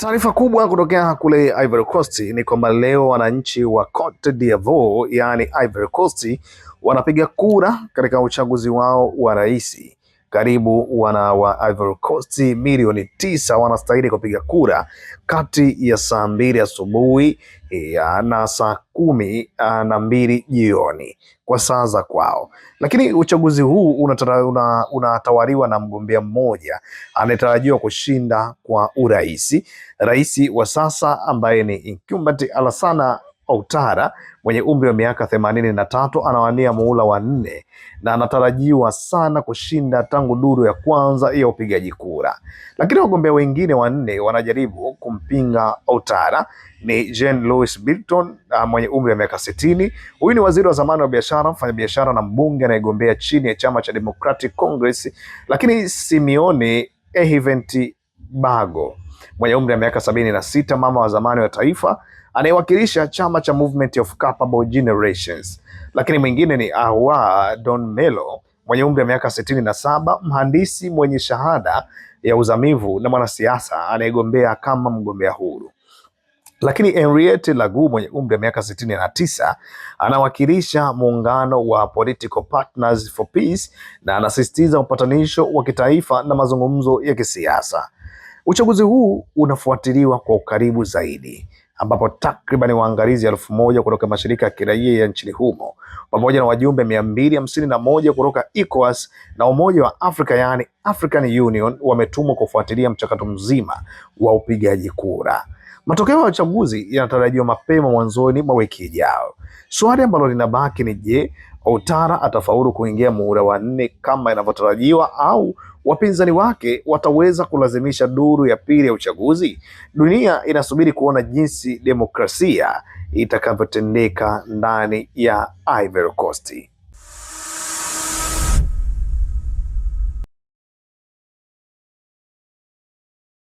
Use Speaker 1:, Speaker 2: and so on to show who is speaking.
Speaker 1: Taarifa kubwa kutokea kule Ivory Coast ni kwamba leo wananchi wa Cote d'Ivoire, yaani Ivory Coast, wanapiga kura katika uchaguzi wao wa rais. Karibu wana wa Ivory Coast milioni tisa wanastahili kupiga kura kati ya saa mbili asubuhi eh, na saa kumi ah, na mbili jioni kwa saa za kwao, lakini uchaguzi huu unatawaliwa una na mgombea mmoja anayetarajiwa kushinda kwa uraisi, rais wa sasa ambaye ni incumbent alasana Outara mwenye umri wa miaka themanini na tatu anawania muhula wa nne na anatarajiwa sana kushinda tangu duru ya kwanza ya upigaji kura, lakini wagombea wengine wanne wanajaribu kumpinga Outara ni Jean Louis Bilton ah, mwenye umri wa miaka sitini. Huyu ni waziri wa zamani wa biashara, mfanyabiashara na mbunge anayegombea chini ya chama cha Democratic Congress, lakini Simeoni Ehivent Bago mwenye umri wa miaka sabini na sita, mama wa zamani wa taifa anayewakilisha chama cha Movement of Capable Generations, lakini mwingine ni Ahoua Don Melo mwenye umri wa miaka sitini na saba, mhandisi mwenye shahada ya uzamivu na mwanasiasa anayegombea kama mgombea huru. Lakini Henriette Lagu mwenye umri wa miaka sitini na tisa anawakilisha muungano wa Political Partners for Peace na anasisitiza upatanisho wa kitaifa na mazungumzo ya kisiasa. Uchaguzi huu unafuatiliwa kwa ukaribu zaidi ambapo takriban waangalizi elfu moja kutoka mashirika ya kiraia ya nchini humo pamoja na wajumbe mia mbili hamsini na moja kutoka ECOWAS na Umoja wa Afrika yaani African Union wametumwa kufuatilia mchakato mzima wa upigaji kura. Matokeo ya uchaguzi yanatarajiwa mapema mwanzoni mwa wiki ijayo. Swali ambalo linabaki ni je, Outara atafaulu kuingia muhula wa nne kama inavyotarajiwa au wapinzani wake wataweza kulazimisha duru ya pili ya uchaguzi? Dunia inasubiri kuona jinsi demokrasia itakavyotendeka ndani ya Ivory Coast.